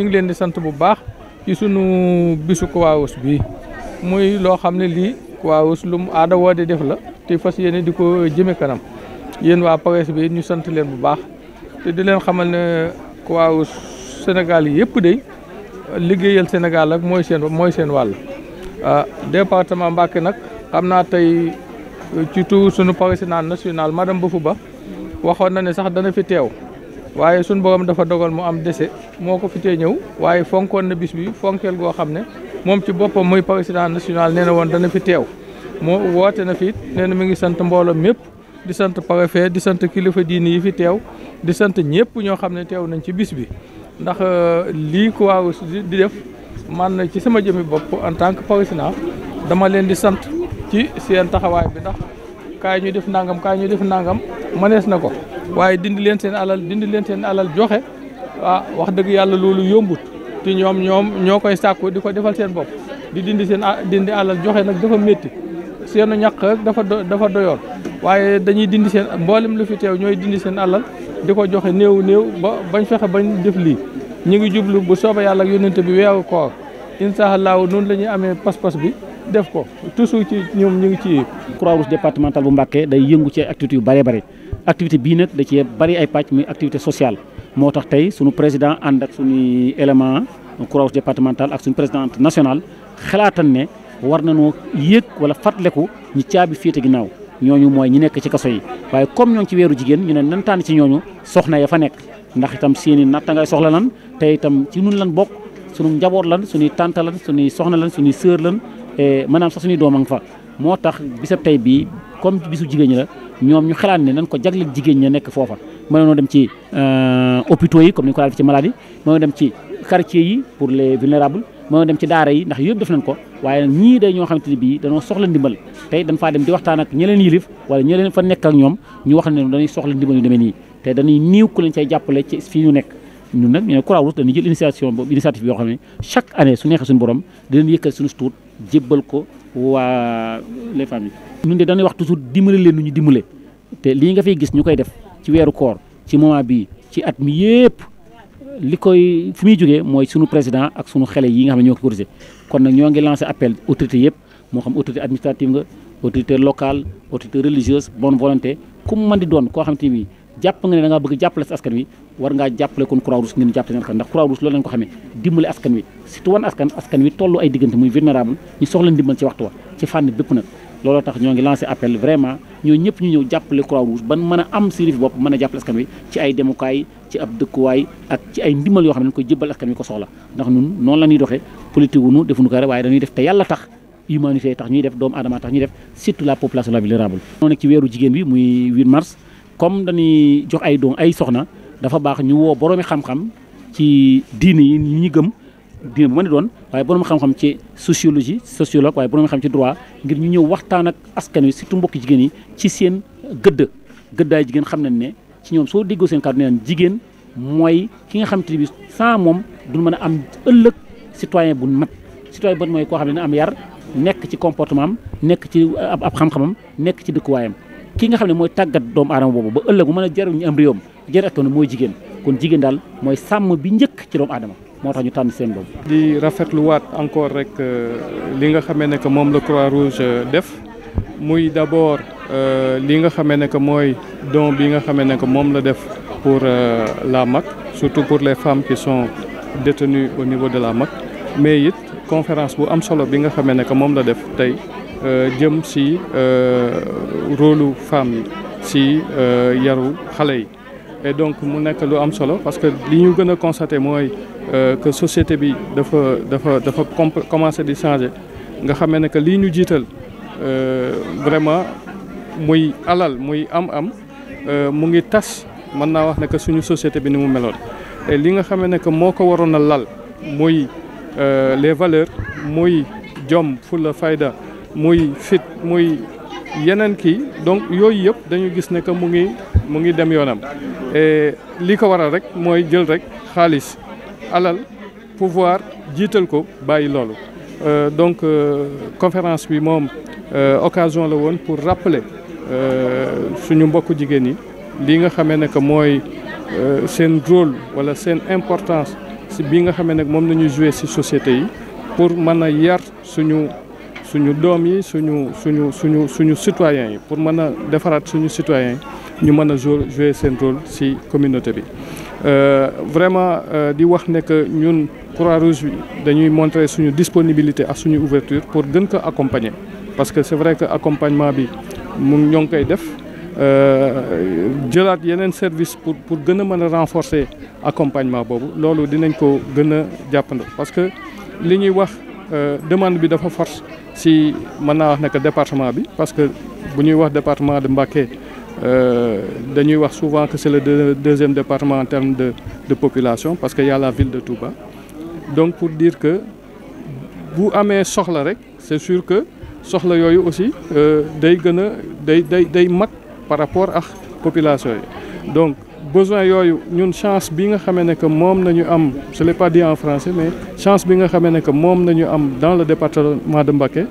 ñu ngi leen di sant bu baax ci sunu bisu Croix-Rouge bi muy loo xam ne lii Croix-Rouge lu aada woo di def la te fas yéene di ko jëme kanam yéen waa presse bi ñu sant leen bu baax te di leen xamal ne Croix-Rouge Sénégal yi yëpp de liggéeyal senegal ak mooy seen mooy seen wàll ah, département Mbacké nag xam naa tey ci tout sunu président national madame ba waxoon na ne sax dana fi teew waaye suñ boobam dafa dogal mu am dese moo ko fi tee ñëw waaye fonkoon na bis bi fonkeel goo xam ne moom ci boppam muy président national nee na woon dana fi teew moo woote na fi nee na mi ngi sant mbooloo mépp di sant préfet di sant kilifa diini yi fi teew di sant ñëpp ñoo xam ne teew nañ ci bis bi ndax euh, lii ko waaw di def man ci sama jëmi bopp en tant que président dama leen di sant ci seen taxawaay bi ndax kaay ñuy def nangam kaay ñuy def nangam mënees na ko waaye dindi leen seen alal dindi leen seen alal joxe ah wax dëgg yàlla loolu yombut te ñoom ñoom ñoo koy sàkku di ko defal seen bopp di dindi seen dindi alal joxe nag dafa métti seenu ñàq rek dafa dafa doyoon waaye dañuy dindi seen mboolem lu fi teew ñooy dindi seen alal di ko joxe néew néew ba bañ fexe bañ def lii ñu ngi jublu bu sooba yàlla ak yónnente bi weeru koor incha allahu noonu la ñuy amee pas-pas bi def ko toujours ci ñoom ñu ngi ci Croix-Rouge départementale bu Mbacké day yëngu ci activité yu bare bare activité bii nag da cee bari ay pàcc muy activité sociale moo tax tey suñu président ànd ak suñuy élément Croix-Rouge ak suñu présidente nationale xalaatan ne war nañoo yéeg wala fàttaliku ñi caabi féete ginnaaw ñooñu mooy ñi nekk ci kaso yi waaye comme ñoo ngi ci weeru jigéen ñu ne nan tànn ci ñooñu soxna ya fa nekk ndax itam seeni natta ngay soxla lan te itam ci nun lan bokk suñu njaboot lan suñuy tànta lan suñuy soxna lan suñuy sœur lan maanaam sax suñuy doom a nga fa comme bisu jigéen ñi la ñoom ñu xalaat ne nañ ko jagleel jigéen ñi nekk foofa mën noo dem ci euh, hôpitaux yi comme ni ñu ko daan ci maladie mën dem ci quartier yi pour les vulnérables mën dem ci daara yi ndax yëpp def nañ ko waaye nag ñii day ñoo xamante ne bii dañoo soxla ndimbal te dañ faa dem di waxtaan ak ñi leen yilif wala ñi fa nekk ak ñoom ñu wax ne dañuy soxla ndimbal yu demee nii te dañuy niiw ku leen cay jàppale ci fii ñu nekk ñun nag ñu ne Croix-Rouge dañuy jël initiation yoo xam ne chaque année su neexee suñu borom dinañ waa les familles. ñun de dañuy wax toujours dimbale leen nu ñu dimbale te lii nga fay gis ñu koy def ci weeru koor ci moment bi ci at mi yëpp li koy fi muy jógee mooy sunu président ak sunu xele yi nga xam ne ñoo ko cotisé kon nag ñoo ngi lancé appel autorité yëpp moo xam autorité administrative nga autorité locale autorité religieuse bonne volonté ku mu mën di doon koo xam te ni da ngaa bëgg jàppale si askan wi war ngaa jàppale kon croix rouge ngeen jàppale ndax croix loolu lañ ko xamee dimbale askan wi surtout wan askan askan wi tollu ay diggante muy vulnérable ñu soxla ndimbal ci waxtu wa ci fànn bépp nag looloo tax ñoo ngi lancé appel vraiment ñoo ñëpp ñu ñëw jàppale croix rouge mën a am sirif bopp mën a jàppale askan wi ci ay demukaay ci ab dëkkuwaay ak ci ay ndimbal yoo xam ne dañ koy jëbbal askan wi ko soxla ndax ñun noonu la comme dañuy jox ay doom ay soxna dafa baax ñu woo boroomi xam-xam ci diine yi ñu gëm diine bu mën ne doon waaye boroomi xam-xam ci sociologie sociologue waaye boroomi xam ci droit ngir ñu ñëw waxtaan ak askan wi surtout mbokki jigéen yi ci seen gëdd gëddaay jigéen xam nañ ne ci ñoom soo déggoo seen kàddu neen jigéen mooy ki nga xam te bi moom du mën a am ëllëg citoyen bu mat citoyen bu mat mooy koo xam ne am yar nekk ci comportement am nekk ci ab xam nekk ci dëkkuwaayam ki nga xam ne mooy tàggat doomu aadama boobu ba ëllëg mu mën a jëriñ ñu am réewam jëriñ askan mooy jigéen kon jigéen daal mooy sàmm bi njëkk ci doomu aadama moo tax ñu tànn seen boobu. di rafetluwaat encore rek euh, li nga xamee ne que moom la Croix-Rouge euh, def muy d'abord euh, li nga xamee ne que mooy don bi nga xamee ne que moom la def pour la mag surtout pour les femmes qui sont détenues au niveau de la mag mais it conférence bu am solo bi nga xamee ne que moom la def tey. Euh, jëm si euh, rôlu femme yi si euh, yaru xale yi et donc mu nekk lu am solo parce que li ñu gën a constaté mooy que société bi dafa dafa dafa commencé di changer nga xame ne que lii ñu jiital vraiment muy alal muy am-am mu ngi tas mën naa wax ne que suñu société bi ni mu meloon et li nga xamee ne que moo ko waroon a lal muy les valeurs muy jom fulla fayda muy fit muy yeneen kii donc yooyu yëpp dañu gis ne que mu ngi mu ngi dem yoonam et lii ko waral rek mooy jël rek xaalis alal pouvoir jiital ko bàyyi loolu. Euh, donc euh, conférence bi moom euh, occasion la woon pour rappeler suñu mbokku jigéen ñi lii nga xamee ne que mooy seen rôle wala seen importance si bii nga xamee ne moom la ñuy jouer si société yi pour mën a yar suñu. suñu doom yi suñu suñu suñu suñu citoyens yi pour mën a defaraat suñu citoyens ñu mën a jouer seen rôle ci communauté bi. Euh, vraiment euh, di wax ne que ñun Croix-Rouge dañuy montrer suñu disponibilité ak suñu ouverture pour gën ko accompagner parce que c'est vrai que accompagnement bi mu ñoo ngi koy def. Euh, jëlaat yeneen service pour pour gën a mën a renforcer accompagnement boobu loolu dinañ ko gën a jàppandal parce que li ñuy wax demande bi dafa force si mën naa wax ne que département bi parce que bu ñuy wax département de Mbacké euh, dañuy wax souvent que c'est le deuxième département en termes de de population parce que y la ville de Touba donc pour dire que bu amee soxla rek c'est sûr que soxla yooyu aussi euh, day gën a day day day mag par rapport ak population yi besoin yooyu ñun chance bi nga xamee ne que moom nañu am je l'ai pas dit en français mais chance bi nga xamee ne que moom nañu am dans le département de Mbacké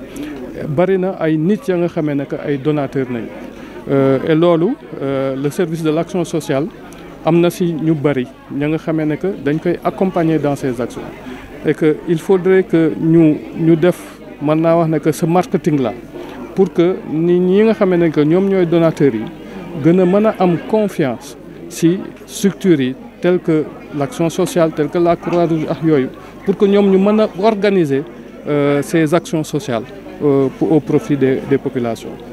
bari na ay nit ya nga xamee ne que ay donateur nañ euh, et loolu euh, le service de l'action sociale am na si ñu bari ña nga xamee ne que dañ koy accompagner dans ces actions et que il faudrait que ñu ñu def mën naa wax ne que ce marketing là pour que nit ñi nga xamee ne que ñoom ñooy donateurs yi gën a mën a am confiance si structures yi telles que l'action sociale telle que la croix ak yooyu pour que ñoom ñu mën a organiser euh, ces actions sociales euh, au profit des des populations